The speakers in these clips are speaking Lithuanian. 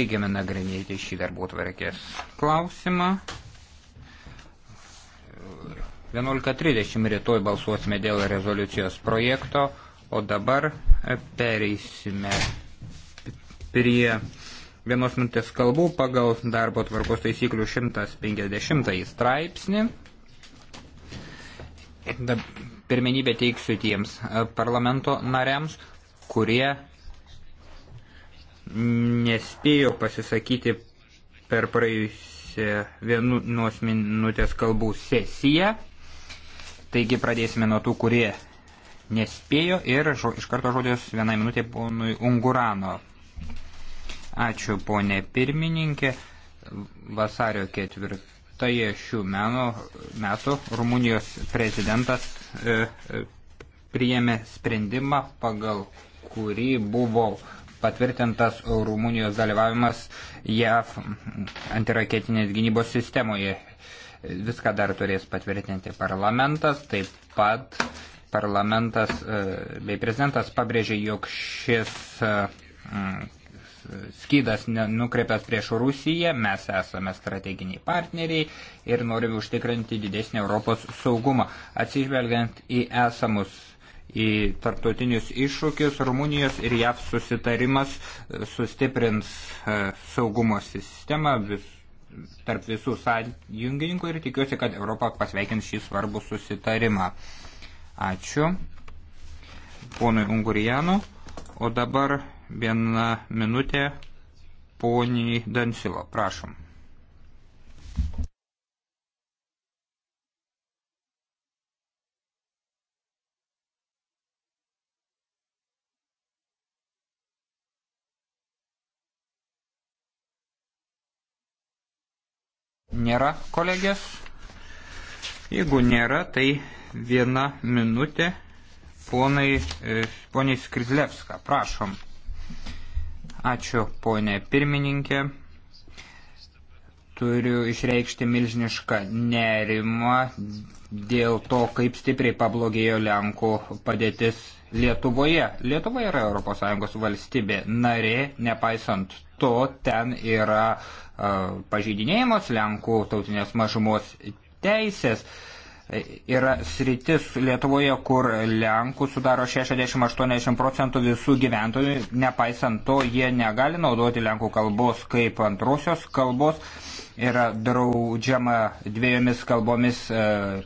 Baigiame nagrinėti šį darbo tvarkės klausimą. 11.30 rytoj balsuosime dėl rezoliucijos projekto, o dabar pereisime prie vienos minutės kalbų pagal darbo tvarkos taisyklių 150 straipsnį. Pirmenybę teiksiu tiems e, parlamento nariams, kurie nespėjo pasisakyti per praėjusią vienos minutės kalbų sesiją. Taigi pradėsime nuo tų, kurie nespėjo ir žo, iš karto žodės vienai minutė ponui Ungurano. Ačiū ponė pirmininkė. Vasario ketvirtąją šių meno, metų Rumunijos prezidentas e, e, priėmė sprendimą, pagal kurį buvo e, patvirtintas Rumunijos dalyvavimas JAV antiraketinės gynybos sistemoje. Viską dar turės patvirtinti parlamentas, taip pat parlamentas e, bei prezidentas pabrėžė, jog šis e, mm, skydas nukreipęs prieš Rusiją, mes esame strateginiai partneriai ir norime užtikrinti didesnį Europos saugumą. Atsižvelgiant į esamus į tarptautinius iššūkius. Rumunijos ir JAV susitarimas e, sustiprins e, saugumo sistemą vis, tarp visų sąjungininkų ir tikiuosi, kad Europą pasveikins šį svarbų susitarimą. Ačiū ponui Ungurijanu, o dabar viena minutė poniai Dansilo. Prašom. Nėra kolegės? Jeigu nėra, tai viena minutė ponai, e, poniai Skridlevska. Prašom. Ačiū, ponė pirmininkė turiu išreikšti milžinišką nerimą dėl to, kaip stipriai pablogėjo Lenkų padėtis Lietuvoje. Lietuva yra ES valstybė narė, nepaisant to, ten yra uh, pažydinėjimas Lenkų tautinės mažumos teisės. Yra sritis Lietuvoje, kur Lenkų sudaro 60-80 procentų visų gyventojų, nepaisant to, jie negali naudoti Lenkų kalbos kaip antrosios kalbos yra draudžiama dviejomis kalbomis e,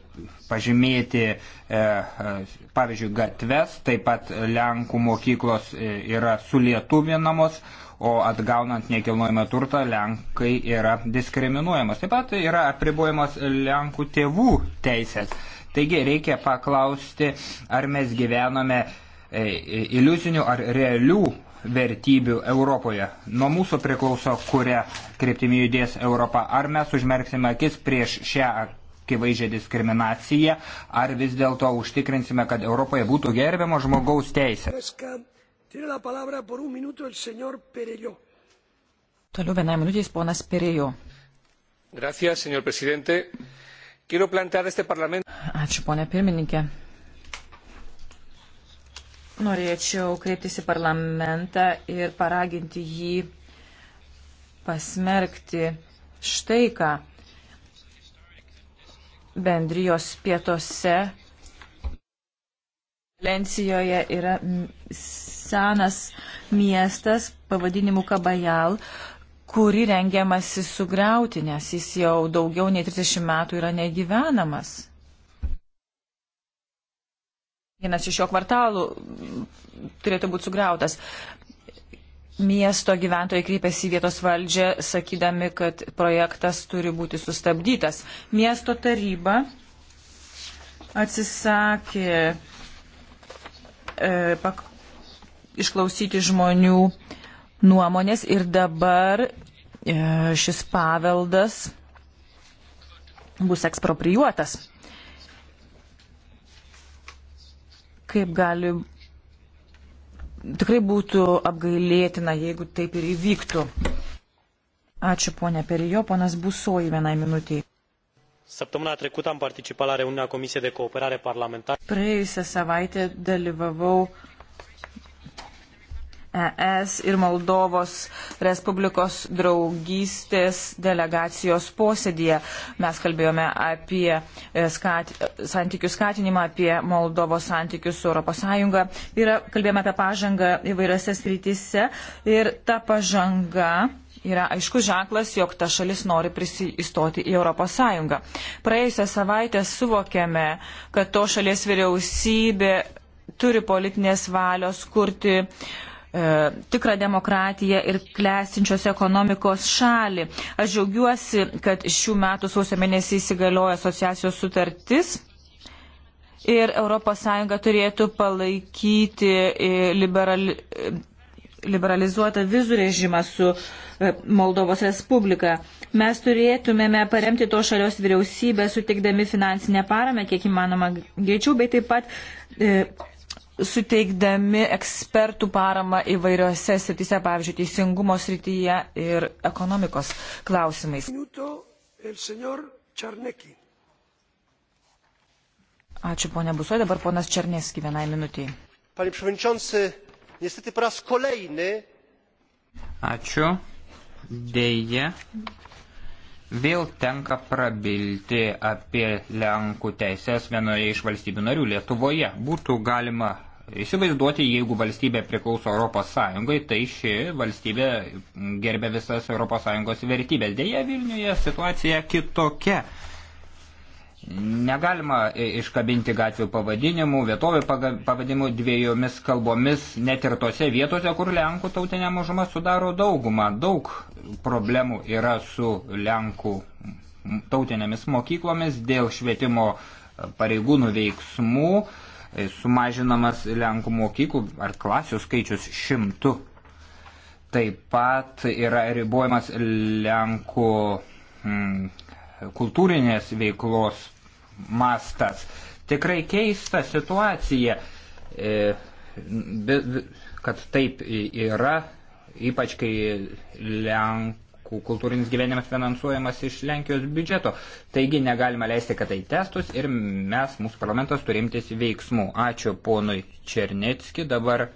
pažymėti, e, e, pavyzdžiui, gatves, taip pat Lenkų mokyklos yra sulietuvinamos, o atgaunant nekilnojamą turtą Lenkai yra diskriminuojamos. Taip pat yra apribojamos Lenkų tėvų teisės. Taigi reikia paklausti, ar mes gyvename iliuzinių ar realių vertybių Europoje. Nuo mūsų priklauso, kuria kryptimi judės Europa. Ar mes užmerksime akis prieš šią akivaizdžią diskriminaciją, ar vis dėlto užtikrinsime, kad Europoje būtų gerbiamo žmogaus teisė. Toliau vienai minutės ponas Perėjo. Gracias, señor presidente. Quiero plantear este parlamento. Ačiū, ponė pirmininkė. Norėčiau kreiptis į parlamentą ir paraginti jį pasmerkti štai ką bendrijos pietose. Valencijoje yra senas miestas pavadinimu Kabajal, kurį rengiamasi sugriauti, nes jis jau daugiau nei 30 metų yra negyvenamas. Vienas iš jo kvartalų turėtų būti sugriautas. Miesto gyventojai kreipėsi į vietos valdžią, sakydami, kad projektas turi būti sustabdytas. Miesto taryba atsisakė e, pak, išklausyti žmonių nuomonės ir dabar e, šis paveldas bus ekspropriuotas. kaip gali. Tikrai būtų apgailėtina, jeigu taip ir įvyktų. Ačiū, ponė Perijo, ponas Busoji vienai minutiai. Săptămâna trecută am participat la reuniunea Comisiei de Cooperare Parlamentară. Praėjusią savaitę dalyvavau uh, ES ir Moldovos Respublikos draugystės delegacijos posėdėje. Mes kalbėjome apie e, skat, santykių skatinimą, apie Moldovos santykius su ES ir kalbėjome apie pažangą įvairiose srityse. Ir ta pažanga yra aiškus ženklas, jog ta šalis nori prisistoti į ES. Praėjusią savaitę suvokėme, kad to šalies vyriausybė turi politinės valios kurti uh, E, tikrą demokratiją ir klestinčios ekonomikos šalį. Aš džiaugiuosi, kad šių metų sausio mėnesį įsigalioja asociacijos sutartis. Ir ES turėtų palaikyti e, liberali, e, liberalizuotą vizų režimą su Moldovos Respublika. Mes turėtumėme paremti to šalios vyriausybę, sutikdami finansinę paramą, kiek įmanoma greičiau, bei taip pat e, suteikdami ekspertų paramą įvairiose srityse, pavyzdžiui, teisingumo srityje ir ekonomikos klausimais. Ačiū, ponia Busoj, dabar ponas Černieski vienai minutiai. Panie Przewodniczący, niestety po raz kolejny. Ačiū. Deja, vėl tenka prabilti apie Lenkų teisės vienoje iš valstybių narių Lietuvoje. Būtų galima Įsivaizduoti, jeigu valstybė priklauso Europos Sąjungai, tai ši valstybė gerbė visas Europos Sąjungos vertybės. Deja, Vilniuje situacija kitokia. Negalima iškabinti gatvių pavadinimų, vietovių pavadinimų dviejomis kalbomis, net ir tose vietose, kur Lenkų tautinė mažuma sudaro daugumą. Daug problemų yra su Lenkų tautinėmis mokyklomis dėl švietimo pareigūnų veiksmų E, sumažinamas Lenkų mokyklų ar klasių skaičius šimtų. Taip pat yra ribojamas Lenkų mm, kultūrinės veiklos mastas. Tikrai keista situacija, e, kad taip yra, ypač kai Lenk kultūrinis gyvenimas finansuojamas iš Lenkijos biudžeto. Taigi negalima leisti, kad tai testus ir mes, mūsų parlamentas, turimtis veiksmų. Ačiū ponui Černetski. Dabar.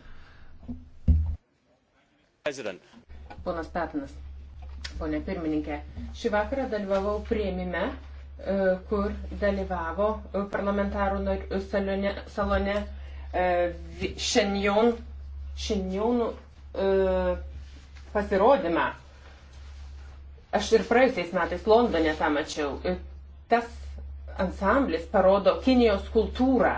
Ponas Petinas, ponė pirmininkė, šį vakarą dalyvavau prieimime, e, kur dalyvavo e, parlamentarų salone, salone šiandien, šiandien e, pasirodymą Aš ir praėjusiais metais Londone tą mačiau. Ir tas ansamblis parodo Kinijos kultūrą.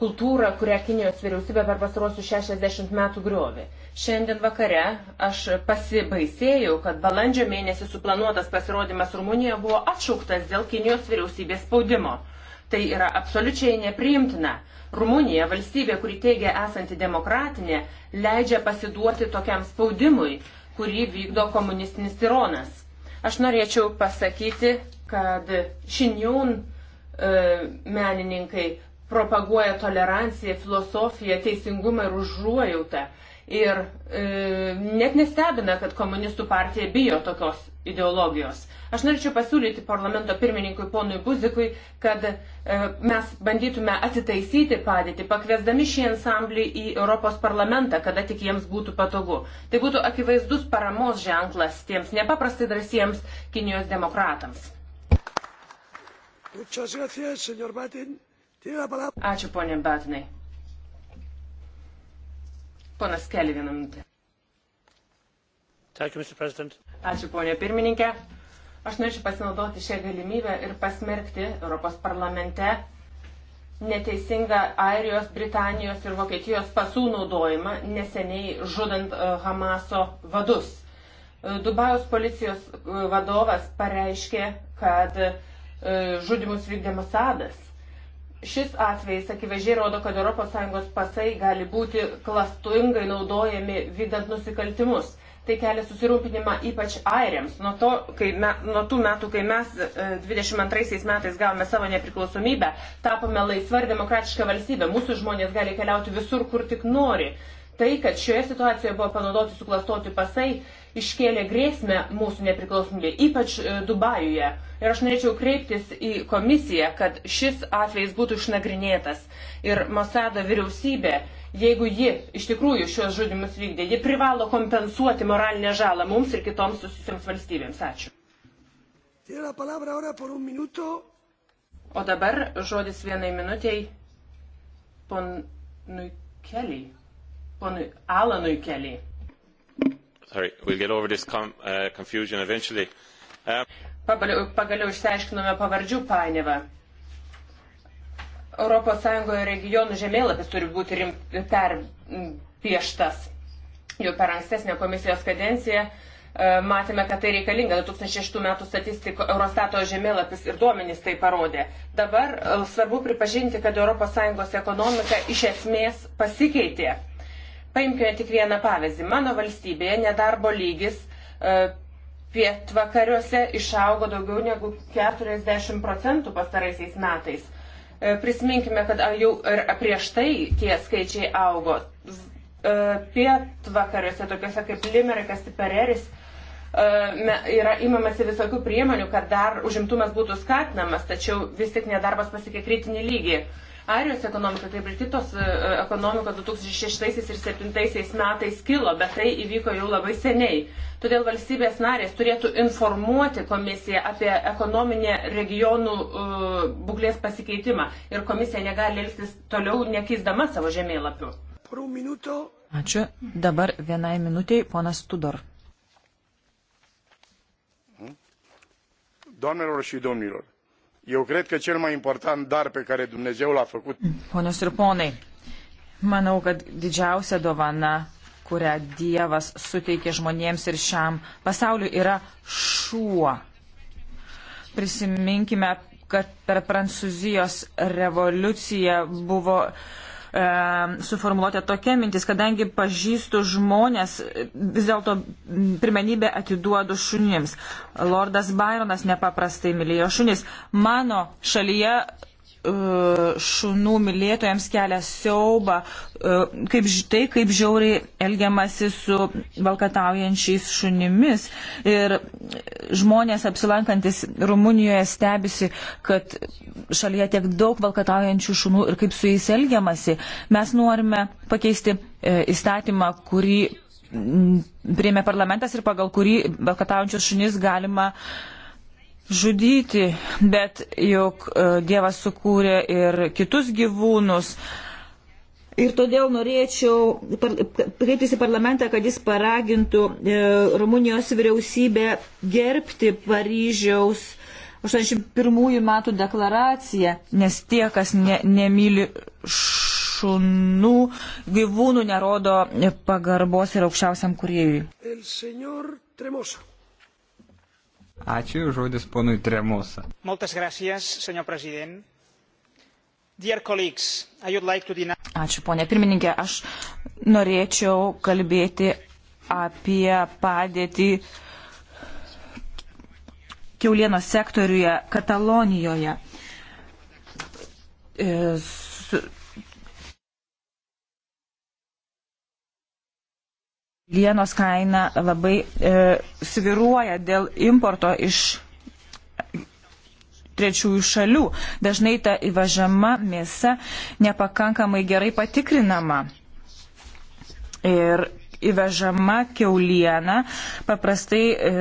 Kultūrą, kurią Kinijos vyriausybė per pastarosius 60 metų griovi. Šiandien vakare aš pasibaisėjau, kad balandžio mėnesį suplanuotas pasirodymas Rumunijoje buvo atšauktas dėl Kinijos vyriausybės spaudimo. Tai yra absoliučiai nepriimtina. Rumunija, valstybė, kuri teigia esanti demokratinė, leidžia pasiduoti tokiam spaudimui, kurį vykdo komunistinis tironas. Aš norėčiau pasakyti, kad šiniūn e, menininkai propaguoja toleranciją, filosofiją, teisingumą ir užuojautą. Ir e, net nestebina, kad komunistų partija bijo tokios ideologijos. Aš norėčiau pasiūlyti parlamento pirmininkui ponui Buzikui, kad e, mes bandytume atitaisyti padėtį, pakviesdami šį ansamblį į Europos parlamentą, kada tik jiems būtų patogu. Tai būtų akivaizdus paramos ženklas tiems nepaprastai drąsiems Kinijos demokratams. Ačiū, ponė Batinai. Ponas Keli vieną minutę. Ačiū, ponė pirmininkė. Aš norėčiau pasinaudoti šią galimybę ir pasmerkti Europos parlamente neteisingą Airijos, Britanijos ir Vokietijos pasų naudojimą neseniai žudant e, Hamaso vadus. E, Dubajaus policijos e, vadovas pareiškė, kad žudimus vykdė Masadas. Šis atvejis akivaizdžiai rodo, kad ES pasai gali būti klastingai naudojami vykdant nusikaltimus tai kelia susirūpinimą ypač airiams. Nuo, to, kai me, nuo tų metų, kai mes 22 e, metais gavome savo nepriklausomybę, tapome laisva ir demokratiška valstybė. Mūsų žmonės gali keliauti visur, kur tik nori. Tai, kad šioje situacijoje buvo panaudoti suklastoti pasai, iškėlė grėsmę mūsų nepriklausomybė, ypač e, Dubajuje. Ir aš norėčiau kreiptis į komisiją, kad šis atvejs būtų išnagrinėtas. Ir Masado vyriausybė, jeigu ji iš tikrųjų šios žudimus vykdė, ji privalo kompensuoti moralinę žalą mums ir kitoms susijusiams valstybėms. Ačiū. O dabar žodis vienai minutiai ponui Keliai, ponui Alanui Keliai. Sorry, we'll get over this com, uh, confusion eventually. Um... Pagaliau, pagaliau išsiaiškinome pavardžių painiavą. Europos Sąjungoje regionų žemėlapis turi būti rim, perpieštas. Jau per ankstesnę komisijos kadenciją e, matėme, kad tai reikalinga. 2006 metų statistiko Eurostato žemėlapis ir duomenys tai parodė. Dabar e, svarbu pripažinti, kad ES ekonomika iš esmės pasikeitė Paimkime tik vieną pavyzdį. Mano valstybėje nedarbo lygis e, pietvakariuose išaugo daugiau negu 40 procentų pastaraisiais metais. E, prisiminkime, kad jau ir prieš tai tie skaičiai augo. E, pietvakariuose, tokiuose kaip Limerikas, Tipereris, yra imamasi visokių priemonių, kad dar užimtumas būtų skatinamas, tačiau vis tik nedarbas pasiekė kritinį lygį. Airijos ekonomika, kaip ir kitos e, ekonomikos 2006 ir 2007 metais kilo, bet tai įvyko jau labai seniai. Todėl valstybės narės turėtų informuoti komisiją apie ekonominę regionų e, būklės pasikeitimą ir komisija negali elgtis toliau nekeisdama savo žemėlapių. Ačiū. Dabar vienai minutiai ponas Tudor. Doamnelor și domnilor, Eu cred că cel mai important dar pe care Dumnezeu l-a făcut. Ponios ir ponai, manau, kad didžiausia dovana, kurią Dievas suteikė žmonėms ir šiam pasauliu, yra šuo. Prisiminkime, kad per Prancūzijos revoliuciją buvo uh, e, suformuoluoti tokia mintis, kadangi pažįstu žmonės, vis dėlto pirmenybę atiduodu šunims. Lordas Byronas nepaprastai mylėjo šunis. Mano šalyje E, šunų mylėtojams kelia siaubą, e, kaip tai, kaip žiauriai elgiamasi su valkataujančiais šunimis. Ir žmonės apsilankantis Rumunijoje stebisi, kad šalyje tiek daug valkataujančių šunų ir kaip su jais elgiamasi. Mes norime pakeisti e, įstatymą, kurį priėmė parlamentas ir pagal kurį valkataujančius šunis galima uh, žudyti, bet juk e, Dievas sukūrė ir kitus gyvūnus. Ir todėl norėčiau kreiptis į parlamentą, kad jis paragintų e, Rumunijos vyriausybę gerbti Paryžiaus 81 metų deklaraciją, nes tie, kas ne, nemyli šunų, gyvūnų, nerodo pagarbos ir aukščiausiam kuriejui. Ačiū, žodis ponui Tremosa. Moltes gracias, senor prezident. Dear colleagues, I would like to deny... Ačiū, ponė pirmininkė. Aš norėčiau kalbėti apie padėtį kiaulienos sektoriuje Katalonijoje. E, su, Lienos kaina labai e, sviruoja dėl importo iš trečiųjų šalių. Dažnai ta įvažiama mėsa nepakankamai gerai patikrinama. Ir įvežama keuliena paprastai e,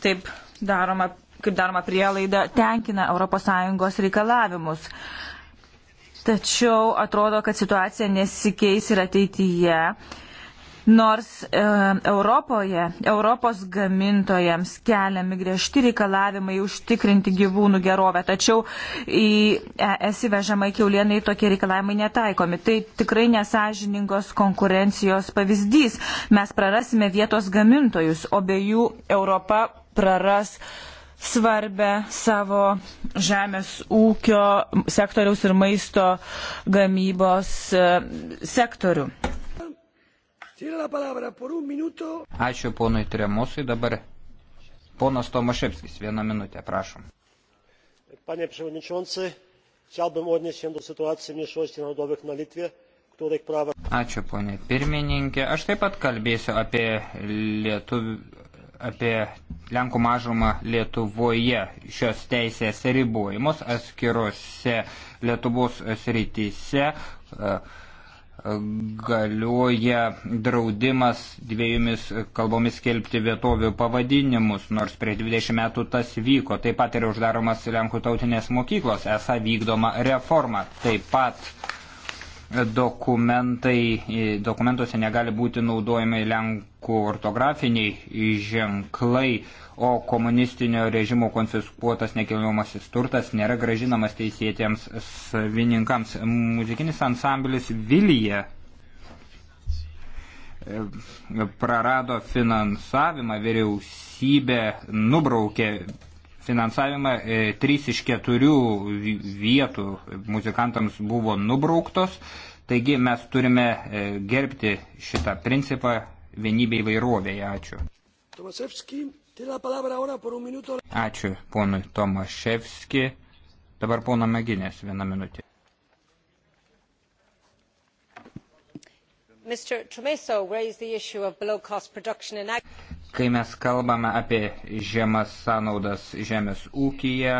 taip daroma, kaip daroma prielaida, tenkina ES reikalavimus. Tačiau atrodo, kad situacija nesikeis ir ateityje Nors e, Europoje, Europos gamintojams keliami griežti reikalavimai užtikrinti gyvūnų gerovę, tačiau į ES įvežamai keulienai tokie reikalavimai netaikomi. Tai tikrai nesažiningos konkurencijos pavyzdys. Mes prarasime vietos gamintojus, o be jų Europa praras svarbę savo žemės ūkio sektoriaus ir maisto gamybos e, sektorių. Ačiū ponui Tremusui. Dabar ponas Tomaševskis, vieną minutę, prašom. Panie Przewodniczący, chciałbym odnieść się do sytuacji mniejszości narodowych na Litwie, których prawa... Ačiū ponė pirmininkė. Aš taip pat kalbėsiu apie, Lietuv... apie Lenkų mažumą Lietuvoje, šios teisės ribojimus atskirose Lietuvos srityse. Uh, galioja draudimas dviejomis kalbomis skelbti vietovių pavadinimus, nors prieš 20 metų tas vyko. Taip pat yra uždaromas Lenkų tautinės mokyklos, esą vykdoma reforma. Taip pat dokumentai, dokumentuose negali būti naudojami Lenkų ortografiniai ženklai, o komunistinio režimo konfiskuotas nekilnojamasis turtas nėra gražinamas teisėtiems savininkams. Muzikinis ansamblis Vilija e, prarado finansavimą, vyriausybė nubraukė finansavimą e, trys iš keturių vietų muzikantams buvo nubrauktos, taigi mes turime e, gerbti šitą principą vienybė įvairovėje. Ačiū. Ačiū ponui Tomaševski. Dabar pono Meginės vieną minutę. Mr. Tremeso raised the issue of below cost production in agriculture. Kai mes kalbame apie žemas sąnaudas žemės ūkyje,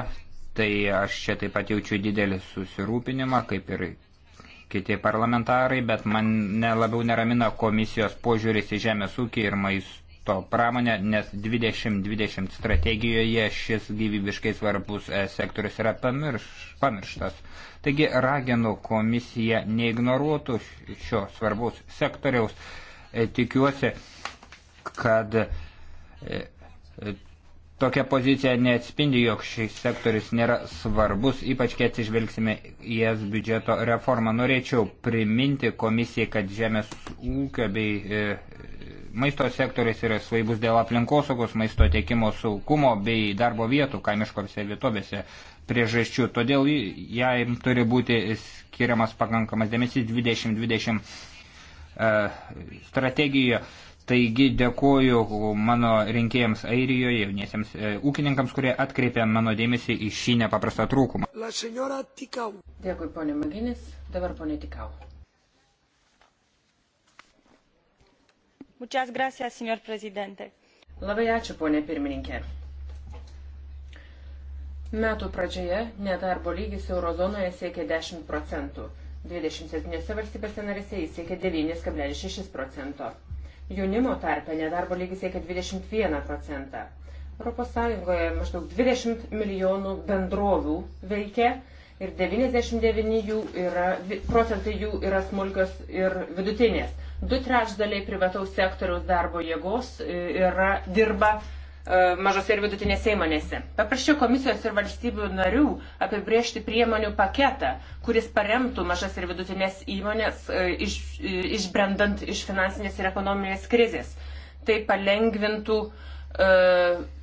tai aš čia taip pat jaučiu didelį susirūpinimą, kaip ir kiti parlamentarai, bet man nelabiau neramina komisijos požiūris į žemės ūkį ir maisto pramonę, nes 2020 strategijoje šis gyvybiškai svarbus e, sektorius yra pamirš, pamirštas. Taigi raginu komisiją neignoruotų šio svarbaus sektoriaus. E, tikiuosi, kad e, tokia pozicija neatspindi, jog šis sektorius nėra svarbus, ypač kai atsižvelgsime į es biudžeto reformą. Norėčiau priminti komisijai, kad žemės ūkio bei e, maisto sektorius yra svarbus dėl aplinkosaugos, maisto tiekimo saugumo bei darbo vietų kaimiškose vietovėse priežasčių. Todėl jam turi būti skiriamas pakankamas dėmesys 2020 e, strategijoje Taigi dėkoju mano rinkėjams Airijoje, jauniesiems e, ūkininkams, kurie atkreipė mano dėmesį į šį nepaprastą trūkumą. Dėkui, ponė Maginis. Dabar ponė Tikau. Muchas gracias, señor presidente. Labai ačiū, ponė pirmininkė. Metų pradžioje nedarbo lygis eurozonoje siekia 10 procentų. 27 valstybėse narėse jis siekia 9,6 procento. Jaunimo tarpe nedarbo lygis siekia 21 procentą. ES maždaug 20 milijonų bendrovių veikia ir 99 jų yra, procentai jų yra smulkios ir vidutinės. Du trečdaliai privataus sektoriaus darbo jėgos e, yra, dirba E, mažose ir vidutinėse įmonėse. Paprašiau komisijos ir valstybių narių apibriežti priemonių paketą, kuris paremtų mažas ir vidutinės įmonės e, iš, e, išbrendant iš finansinės ir ekonominės krizės. Tai palengvintų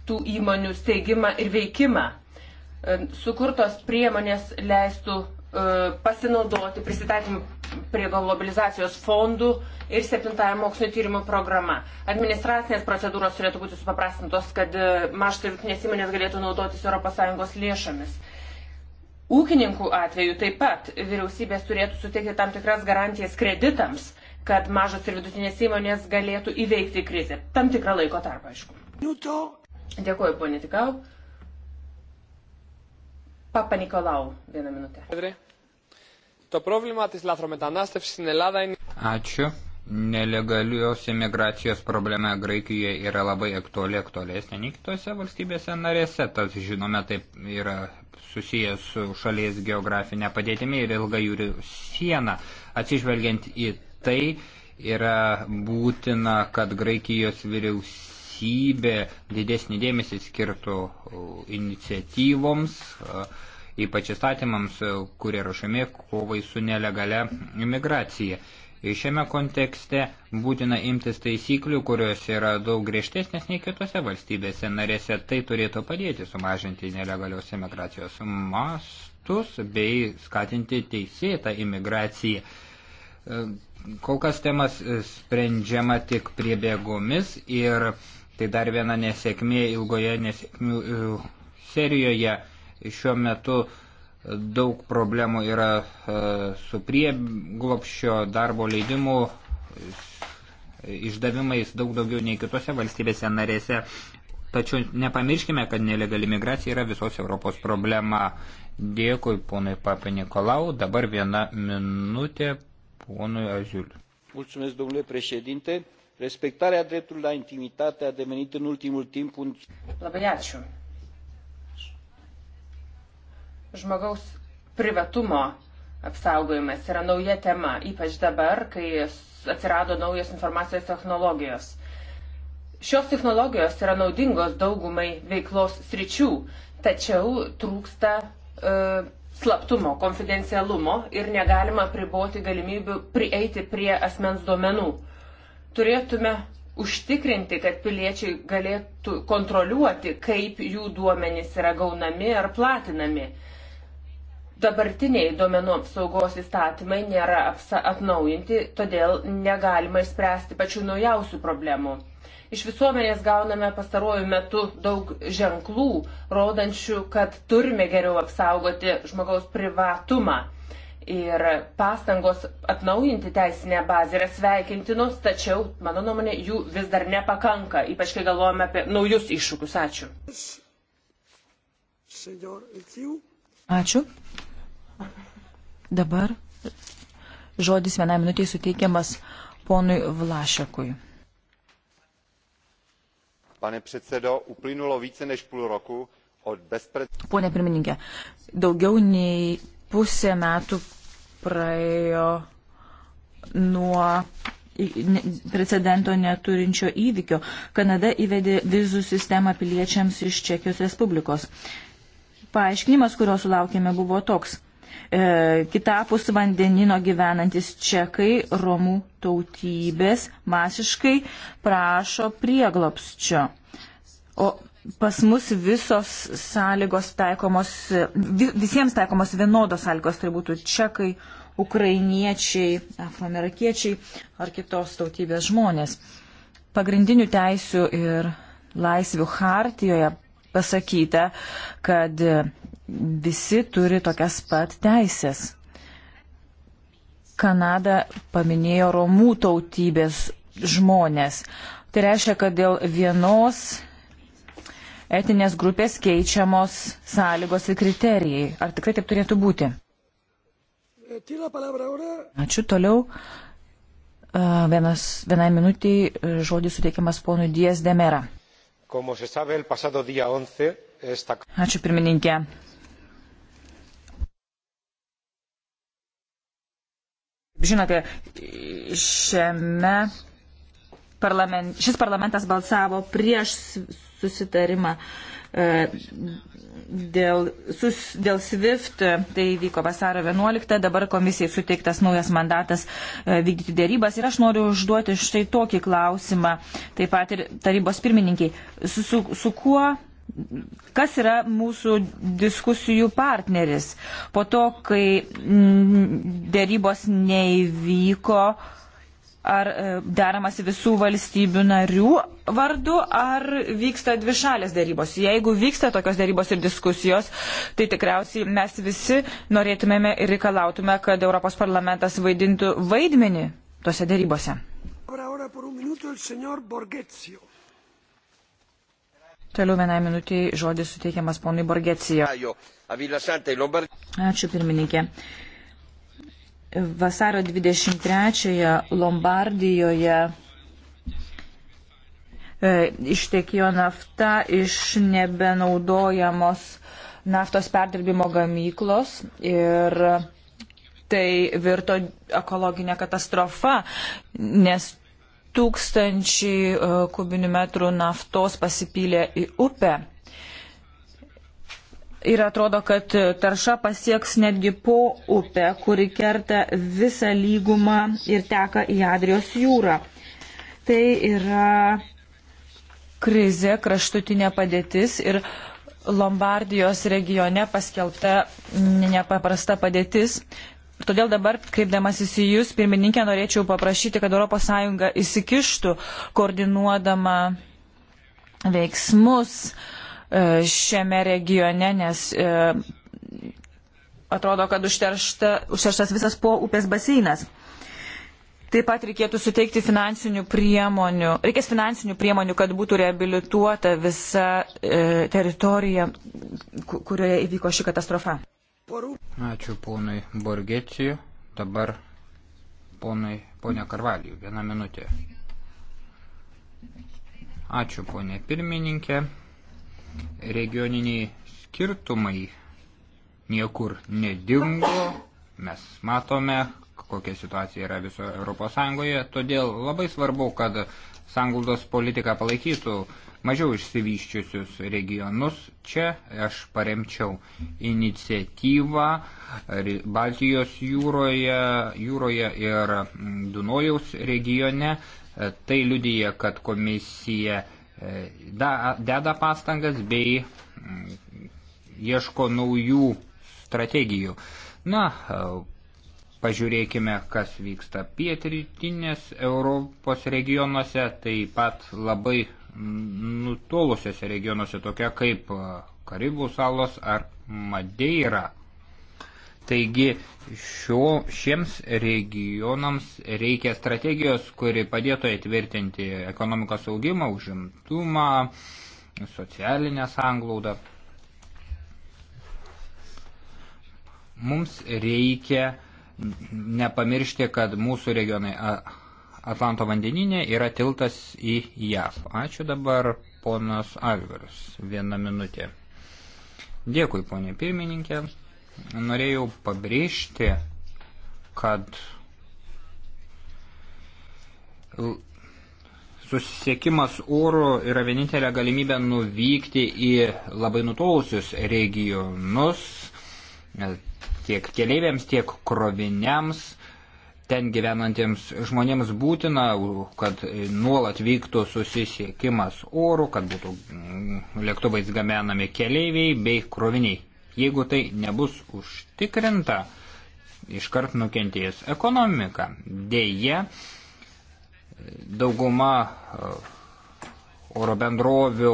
tų įmonių steigimą ir veikimą. Sukurtos priemonės leistų E, pasinaudoti prisitaikymu prie globalizacijos fondų ir septintąją mokslinio tyrimo programa. Administracinės procedūros turėtų būti supaprastintos, kad e, mažos ir vidutinės įmonės galėtų naudotis ES lėšomis. Ūkininkų atveju taip pat vyriausybės turėtų suteikti tam tikras garantijas kreditams, kad mažos ir vidutinės įmonės galėtų įveikti krizę. Tam tikrą laiko tarpą, aišku. Dėkuoju, ponė Tikau. Papa Nikolau, vieną minutę. Adre. Το πρόβλημα της λαθρομετανάστευσης στην Ελλάδα είναι... Ačiū. Nelegalios imigracijos problema Graikijoje yra labai aktuali, aktualesnė nei kitose valstybėse narėse. Tas, žinome, taip yra susijęs su šalies geografinė padėtimi ir ilga jūrių siena. Atsižvelgiant į tai, yra būtina, kad Graikijos vyriausybė valstybė didesnį dėmesį skirtų iniciatyvoms, ypač įstatymams, e, kurie rašomi kovai su nelegale imigracija. Šiame kontekste būtina imtis taisyklių, kurios yra daug griežtesnės nei kitose valstybėse narėse. Tai turėtų padėti sumažinti nelegalios imigracijos mastus bei skatinti teisėtą imigraciją. E, kol kas temas sprendžiama tik priebėgomis ir tai dar viena nesėkmė ilgoje nesėkmių e, serijoje Šiuo metu daug problemų yra e, su prieglopščio darbo leidimu išdavimais daug daugiau nei kitose valstybėse narėse. Tačiau nepamirškime, kad nelegali migracija yra visos Europos problema. Dėkui, ponui Papa Nikolau. Dabar viena minutė ponui Aziul. Mulțumesc, domnule președinte. Respectarea dreptului la intimitate a devenit în ultimul timp un... Labai ačiū. Žmogaus privatumo apsaugojimas yra nauja tema, ypač dabar, kai atsirado naujos informacijos technologijos. Šios technologijos yra naudingos daugumai veiklos sričių, tačiau trūksta e, slaptumo, konfidencialumo ir negalima priboti galimybių prieiti prie asmens duomenų. Turėtume užtikrinti, kad piliečiai galėtų kontroliuoti, kaip jų duomenys yra gaunami ar platinami dabartiniai duomenų apsaugos įstatymai nėra atnaujinti, todėl negalima išspręsti pačių naujausių problemų. Iš visuomenės gauname pastaruoju metu daug ženklų, rodančių, kad turime geriau apsaugoti žmogaus privatumą. Ir pastangos atnaujinti teisinę bazę yra sveikintinos, tačiau, mano nuomonė, jų vis dar nepakanka, ypač kai galvojame apie naujus iššūkius. Ačiū. Ačiū. Dabar žodis vienai minutiai suteikiamas ponui Vlašekui. Pane předsedo, uplynulo více než půl roku od bezprecedentního. Pone pirmininkė, daugiau nei pusė metų praėjo nuo precedento neturinčio įvykio. Kanada įvedė vizų sistemą piliečiams iš Čekijos Respublikos. Paaiškinimas, kurio sulaukėme, buvo toks. E, kitapus vandenino gyvenantis čekai romų tautybės masiškai prašo prieglopsčio. O pas mus visos sąlygos taikomos, visiems taikomos vienodos sąlygos, tai būtų čekai, ukrainiečiai, afroamerikiečiai ar kitos tautybės žmonės. Pagrindinių teisių ir laisvių hartijoje pasakyta, kad visi turi tokias pat teisės. Kanada paminėjo romų tautybės žmonės. Tai reiškia, kad dėl vienos etinės grupės keičiamos sąlygos ir kriterijai. Ar tikrai taip turėtų būti? Ačiū toliau. Vienas, vienai minutiai e, žodis suteikiamas ponui Dies Demera. Ačiū pirmininkė. žinote, šiame parlament, šis parlamentas balsavo prieš susitarimą e, dėl, sus, dėl SWIFT, tai vyko vasaro 11, dabar komisijai suteiktas naujas mandatas e, vykdyti dėrybas ir aš noriu užduoti štai tokį klausimą, taip pat ir tarybos pirmininkiai, su, su, su kuo kas yra mūsų diskusijų partneris. Po to, kai mm, dėrybos neįvyko, ar e, deramasi visų valstybių narių vardu, ar vyksta dvi šalės dėrybos. Jeigu vyksta tokios dėrybos ir diskusijos, tai tikriausiai mes visi norėtumėme ir reikalautume, kad Europos parlamentas vaidintų vaidmenį tose dėrybose. Ahora, ahora, Toliau vienai minutiai žodis suteikiamas ponui Borgecijo. Ačiū pirmininkė. Vasario 23-ąją Lombardijoje e, ištekėjo nafta iš nebenaudojamos naftos perdirbimo gamyklos ir tai virto ekologinė katastrofa, nes tūkstančiai e, kubinių metrų naftos pasipylė į upę. Ir atrodo, kad tarša pasieks netgi po upę, kuri kerta visą lygumą ir teka į Adrijos jūrą. Tai yra krizė, kraštutinė padėtis ir Lombardijos regione paskelbta nepaprasta padėtis. Todėl dabar, kreipdamasis į Jūs, pirmininkė, norėčiau paprašyti, kad ES įsikištų, koordinuodama veiksmus e, šiame regione, nes e, atrodo, kad užteršta, užterštas visas po upės baseinas. Taip pat reikėtų suteikti finansinių priemonių, reikės finansinių priemonių, kad būtų reabilituota visa e, teritorija, kurioje įvyko ši katastrofa. Ačiū ponui Borgecijui. Dabar ponui, ponia Karvalijų, vieną minutę. Ačiū ponė pirmininkė. Regioniniai skirtumai niekur nedingo. Mes matome, kokia situacija yra viso Europos Sąjungoje. Todėl labai svarbu, kad sanglaudos politika palaikytų mažiau išsivyščiusius regionus. Čia aš paremčiau iniciatyvą Baltijos jūroje, jūroje ir mm, Dunojaus regione. E, tai liudyje, kad komisija e, deda pastangas bei mm, ieško naujų strategijų. Na, e, pažiūrėkime, kas vyksta pietrytinės Europos regionuose, taip pat labai nutolusiuose regionuose, tokia kaip e, Karibų salos ar Madeira. Taigi šio, šiems regionams reikia strategijos, kuri padėtų įtvirtinti ekonomikos augimą, užimtumą, socialinę sanglaudą. Mums reikia nepamiršti, kad mūsų regionai Atlanto vandeninė yra tiltas į JAV. Ačiū dabar ponas Alvaras. Viena minutė. Dėkui, ponė pirmininkė. Norėjau pabrėžti, kad susisiekimas oro yra vienintelė galimybė nuvykti į labai nutolusius regionus tiek keleiviams, tiek kroviniams ten gyvenantiems žmonėms būtina, kad nuolat vyktų susisiekimas orų, kad būtų mm, lėktuvais gamenami keleiviai bei kroviniai. Jeigu tai nebus užtikrinta, iškart nukentėjęs ekonomika. Deja, dauguma e, oro bendrovių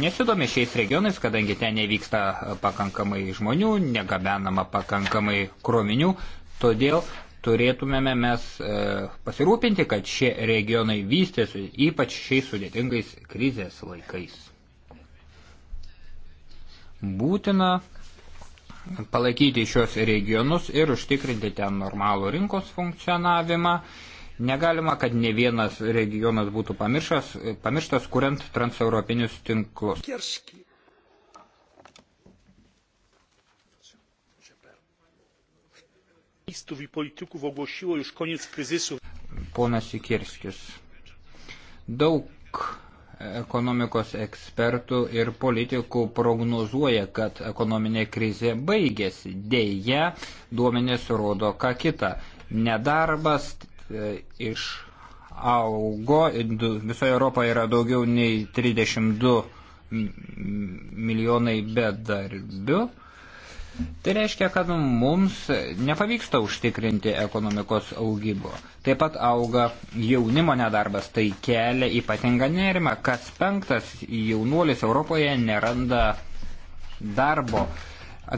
nesidomi šiais regionais, kadangi ten nevyksta pakankamai žmonių, negabenama pakankamai krovinių, todėl turėtumėme mes e, pasirūpinti, kad šie regionai vystėsi ypač šiais sudėtingais krizės laikais. Būtina palaikyti šios regionus ir užtikrinti ten normalų rinkos funkcionavimą. Negalima, kad ne vienas regionas būtų pamirštas, pamirštas kuriant transeuropinius tinklus. Kirški. ekonomistów i polityków ogłosiło już koniec kryzysu. Ponas Sikirskis. Daug ekonomikos ekspertų ir politikų prognozuoja, kad ekonominė krizė baigėsi. Deja, duomenės rodo ką kitą. Nedarbas e, išaugo, visoje Europoje yra daugiau nei 32 milijonai bedarbių Tai reiškia, kad mums nepavyksta užtikrinti ekonomikos augimo. Taip pat auga jaunimo nedarbas, tai kelia ypatingą nerimą, kas penktas jaunuolis Europoje neranda darbo.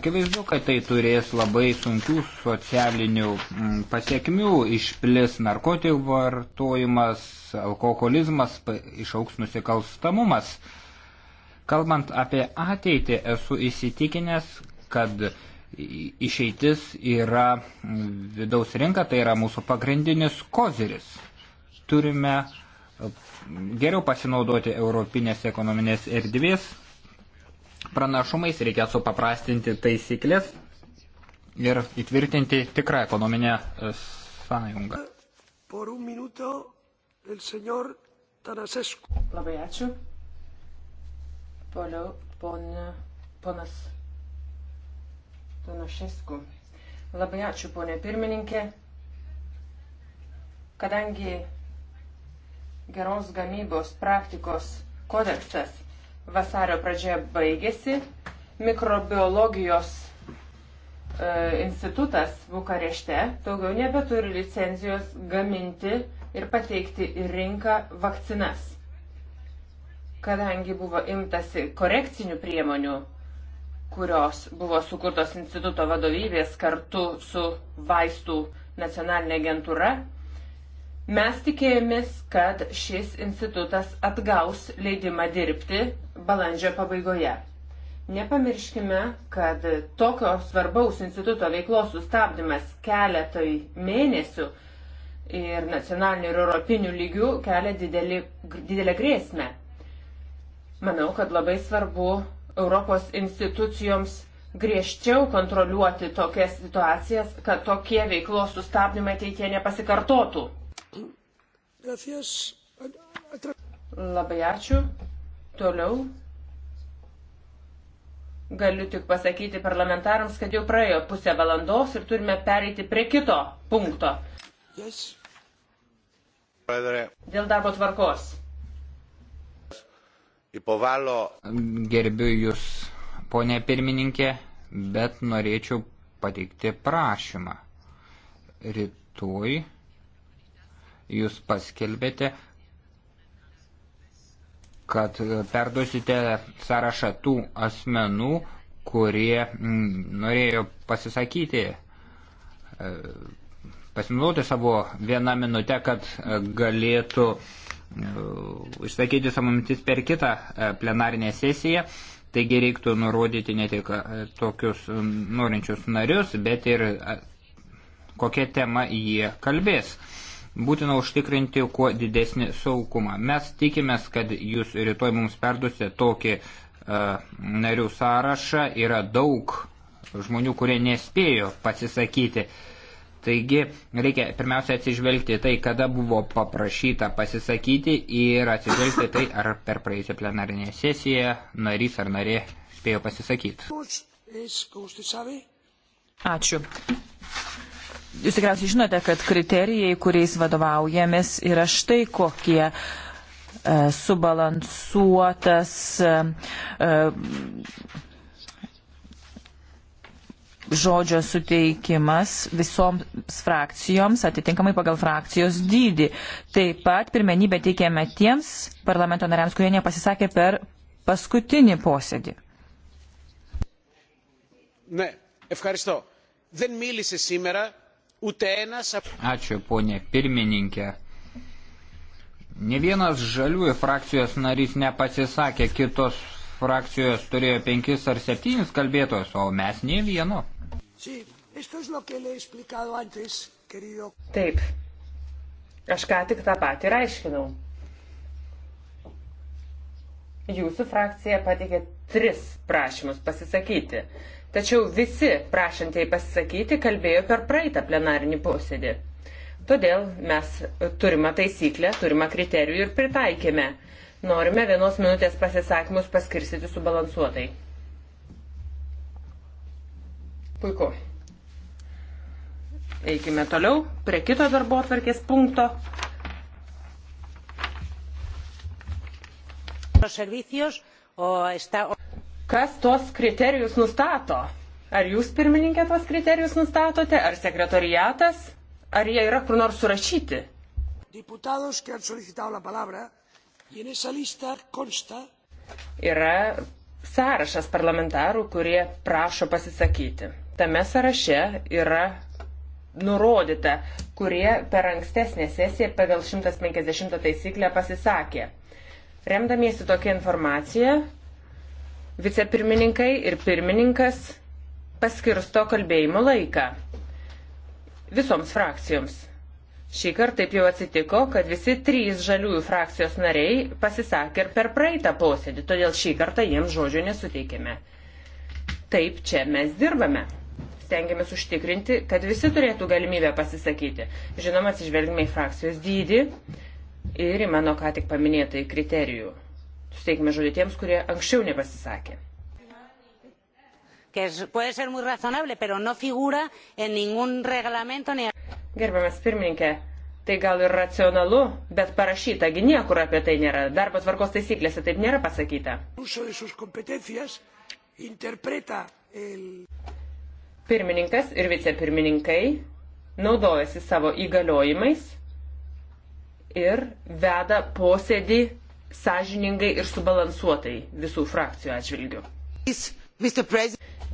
Akivaizdu, kad tai turės labai sunkių socialinių mm, pasiekmių, išplis narkotikų vartojimas, alkoholizmas, išauks nusikalstamumas. Kalbant apie ateitį, esu įsitikinęs, kad išeitis yra vidaus rinka, tai yra mūsų pagrindinis koziris. Turime geriau pasinaudoti europinės ekonominės erdvės pranašumais, reikia supaprastinti taisyklės ir įtvirtinti tikrą ekonominę e, sąjungą. Minuto, Labai ačiū. Poliau, pon, ponas Tomašesku. Labai ačiū, ponė pirmininkė. Kadangi geros gamybos praktikos kodeksas vasario pradžioje baigėsi, mikrobiologijos e, institutas Bukarešte daugiau nebeturi licenzijos gaminti ir pateikti į rinką vakcinas. Kadangi buvo imtasi korekcinių priemonių kurios buvo sukurtos instituto vadovybės kartu su vaistų nacionalinė agentūra, mes tikėjomės, kad šis institutas atgaus leidimą dirbti balandžio pabaigoje. Nepamirškime, kad tokio svarbaus instituto veiklos sustabdymas keletoj mėnesių ir nacionalinių ir europinių lygių kelia didelį, didelę grėsmę. Manau, kad labai svarbu Europos institucijoms griežčiau kontroliuoti tokias situacijas, kad tokie veiklos sustabdymai ateitie nepasikartotų. Labai ačiū. Toliau. Galiu tik pasakyti parlamentarams, kad jau praėjo pusę valandos ir turime pereiti prie kito punkto. Yes. Dėl darbo tvarkos. Υποβάλλω... Gerbiu Jūs, ponė pirmininkė, bet norėčiau pateikti prašymą. Rytoj Jūs paskelbėte, kad perduosite sąrašą tų asmenų, kurie m, mm, norėjo pasisakyti, e, pasinaudoti savo vieną minutę, kad e, galėtų išsakyti savo mintis per kitą e, plenarinę sesiją. Taigi reiktų nurodyti ne tik e, tokius norinčius narius, bet ir e, kokią temą jie kalbės. Būtina užtikrinti kuo didesnį saugumą. Mes tikimės, kad jūs rytoj mums perdusite tokį uh, narių sąrašą. Yra daug žmonių, kurie nespėjo pasisakyti. Uh, Taigi reikia pirmiausia atsižvelgti tai, kada buvo paprašyta pasisakyti ir atsižvelgti tai, ar per praėjusią plenarinę sesiją narys ar narė spėjo pasisakyti. Ačiū. Jūs tikriausiai žinote, kad kriterijai, kuriais vadovaujamės, yra štai kokie e, subalansuotas. E, e, žodžio suteikimas visoms frakcijoms, atitinkamai pagal frakcijos dydį. Taip pat pirmenybę teikėme tiems parlamento nariams, kurie nepasisakė per paskutinį posėdį. Ne, efkaristo. Δεν μίλησε σήμερα ούτε ένας... Ačiū, ponė pirmininkė. Ne vienas žaliųjų frakcijos narys nepasisakė, kitos frakcijos turėjo penkis ar septynis kalbėtojus, o mes ne vieno. Taip, aš ką tik tą patį ir aiškinau. Jūsų frakcija pateikė tris prašymus pasisakyti, tačiau visi prašantieji pasisakyti kalbėjo per praeitą plenarinį posėdį. Todėl mes turime taisyklę, turime kriterijų ir pritaikėme. Norime vienos minutės pasisakymus paskirstyti subalansuotai. Puiku. Eikime toliau prie kito darbo atvarkės punkto. Kas tuos kriterijus nustato? Ar jūs pirmininkė tuos kriterijus nustatote, ar sekretariatas, ar jie yra kur nors surašyti? Yra sąrašas parlamentarų, kurie prašo pasisakyti. Tame sąraše yra nurodyta, kurie per ankstesnę sesiją pagal 150 taisyklę pasisakė. Remdamiesi tokią informaciją, vicepirmininkai ir pirmininkas paskirsto kalbėjimo laiką visoms frakcijoms. Šį kartą taip jau atsitiko, kad visi trys žaliųjų frakcijos nariai pasisakė ir per praeitą posėdį, todėl šį kartą jiems žodžio nesuteikėme. Taip čia mes dirbame stengiamės užtikrinti, kad visi turėtų galimybę pasisakyti. Žinoma, atsižvelgime į frakcijos dydį ir į mano ką tik paminėtą į kriterijų. Suteikime žodį tiems, kurie anksčiau nepasisakė. Gerbiamas pirmininkė, tai gal ir racionalu, bet parašytagi niekur apie tai nėra. Darbo tvarkos taisyklėse taip nėra pasakyta. El pirmininkas ir vicepirmininkai naudojasi savo įgaliojimais ir veda posėdį sąžiningai ir subalansuotai visų frakcijų atžvilgių.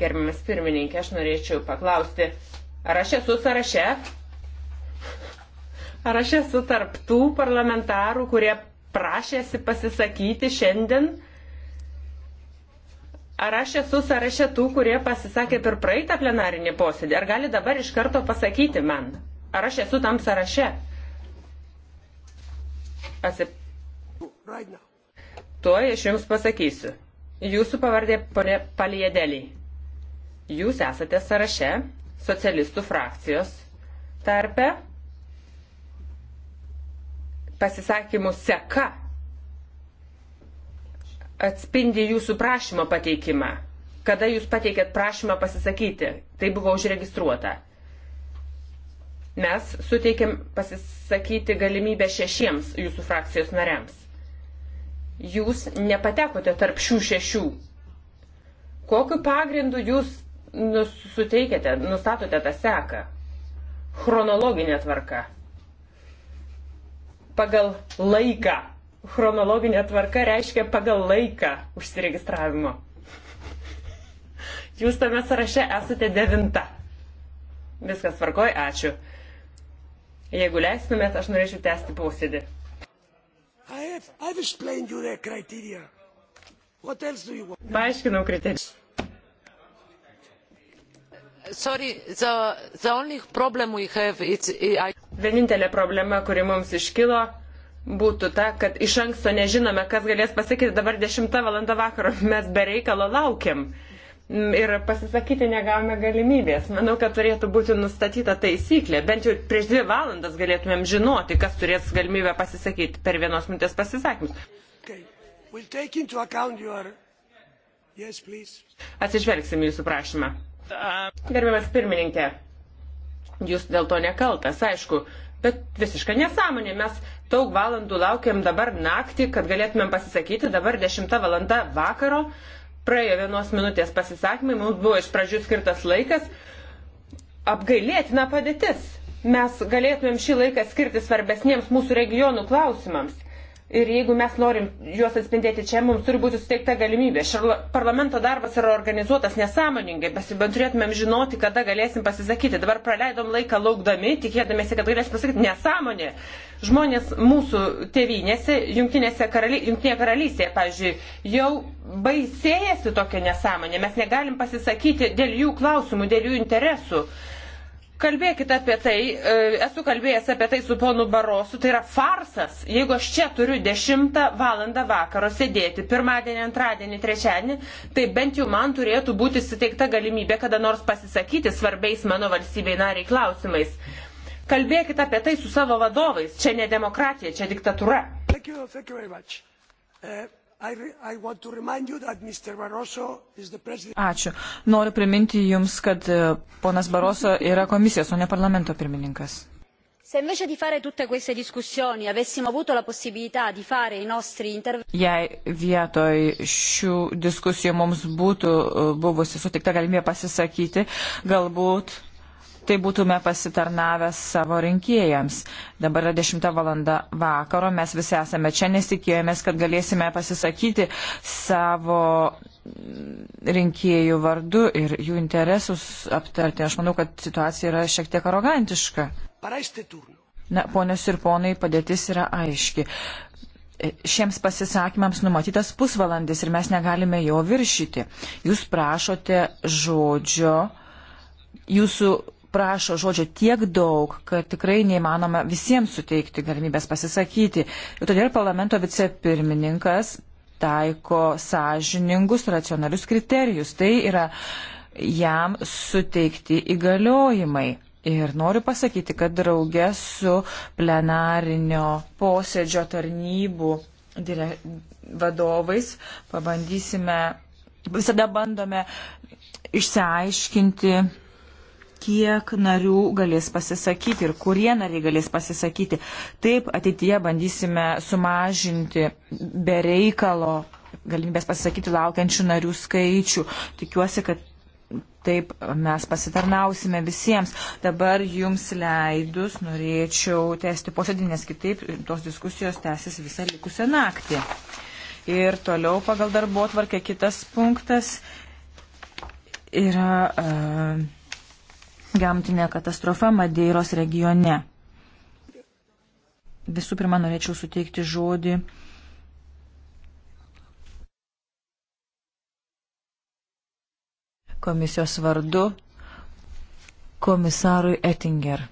Gerbiamas pirmininkė, aš norėčiau paklausti, ar aš esu sąraše? Ar aš esu tarptų parlamentarų, kurie prašėsi pasisakyti šiandien? Ar aš esu sąraše tų, kurie pasisakė per praeitą plenarinį posėdį? Ar gali dabar iš karto pasakyti man? Ar aš esu tam sąraše? Asip... Tuoj aš jums pasakysiu. Jūsų pavardė ponė Paliedeliai. Jūs esate sąraše socialistų frakcijos tarpe pasisakymų seka atspindi jūsų prašymo pateikimą. Kada jūs pateikėt prašymą pasisakyti, tai buvo užregistruota. Mes suteikėm pasisakyti galimybę šešiems jūsų frakcijos nariams. Jūs nepatekote tarp šių šešių. Kokiu pagrindu jūs suteikėte, nustatote tą seką? Chronologinė tvarka. Pagal laiką chronologinė tvarka reiškia pagal laiką užsiregistravimo. Jūs tame sąraše esate devinta. Viskas tvarkoj, ačiū. Jeigu leistumėt, aš norėčiau tęsti posėdį. Paaiškinau kriterijus. Sorry, the, the only problem we have is... I... Vienintelė problema, kuri mums iškilo, būtų ta, kad iš anksto nežinome, kas galės pasakyti, dabar 10 val. vakaro mes be reikalo laukiam ir pasisakyti negavome galimybės. Manau, kad turėtų būti nustatyta taisyklė. Bent jau prieš dvi valandas galėtumėm žinoti, kas turės galimybę pasisakyti per vienos minutės pasisakymus. Okay. We'll your... yes, Atsižvelgsim jūsų prašymą. Gerbiamas pirmininkė, jūs dėl to nekaltas, aišku Bet visiškai nesąmonė, mes daug valandų laukiam dabar naktį, kad galėtumėm pasisakyti, dabar 10 valanda vakaro, praėjo vienos minutės pasisakymai, mums buvo iš pradžių skirtas laikas, apgailėtina padėtis. Mes galėtumėm šį laiką skirti svarbesniems mūsų regionų klausimams. Ir jeigu mes norim juos atspindėti čia, mums turi būti suteikta galimybė. Šarla, parlamento darbas yra organizuotas nesąmoningai, bet turėtumėm žinoti, kada galėsim pasisakyti. Dabar praleidom laiką laukdami, tikėdamėsi, kad galėsim pasakyti nesąmonė. Žmonės mūsų tėvynėse, jungtinėse karaly, jungtinėje karalystėje, pavyzdžiui, jau baisėjasi tokia nesąmonė. Mes negalim pasisakyti dėl jų klausimų, dėl jų interesų. Uh, Kalbėkite apie tai, e, esu kalbėjęs apie tai su ponu Barosu, tai yra farsas. Jeigu aš čia turiu 10 valandą vakaro sėdėti, pirmadienį, antradienį, trečiadienį, tai bent jau man turėtų būti suteikta galimybė kada nors pasisakyti svarbiais mano valstybei nariai klausimais. Kalbėkite apie tai su savo vadovais, čia ne demokratija, čia diktatūra. Thank you, thank you Ačiū. Noriu priminti Jums, kad e, ponas Baroso yra komisijos, o ne parlamento pirmininkas. Se invece di fare tutte queste discussioni avessimo avuto la possibilità di fare i nostri interventi. Jei vietoj šių diskusijų mums būtų e, buvusi sutikta galimybė pasisakyti, galbūt tai būtume pasitarnavę savo rinkėjams. Dabar yra 10 valanda vakaro, mes visi esame čia, nesitikėjomės, kad galėsime pasisakyti savo rinkėjų vardu ir jų interesus aptarti. Aš manau, kad situacija yra šiek tiek arogantiška. Na, ponios ir ponai, padėtis yra aiški. E, šiems pasisakymams numatytas pusvalandis ir mes negalime jo viršyti. Jūs prašote žodžio jūsų prašo žodžio tiek daug, kad tikrai neįmanoma visiems suteikti galimybės pasisakyti. Ir todėl parlamento vicepirmininkas taiko sąžiningus, racionalius kriterijus. Tai yra jam suteikti įgaliojimai. Ir noriu pasakyti, kad draugė su plenarinio posėdžio tarnybų vadovais pabandysime, visada bandome išsiaiškinti kiek narių galės pasisakyti ir kurie nariai galės pasisakyti. Taip ateityje bandysime sumažinti bereikalo galimybės pasisakyti laukiančių narių skaičių. Tikiuosi, kad taip mes pasitarnausime visiems. Dabar jums leidus norėčiau tęsti posėdį, nes kitaip tos diskusijos tęsis visą likusią naktį. Ir toliau pagal darbo tvarkę kitas punktas yra. Uh, gamtinė katastrofa Madeiros regione. Visų pirma, norėčiau suteikti žodį komisijos vardu komisarui Ettinger.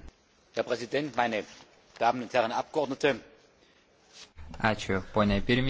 Ačiū, ponė pirmininkė.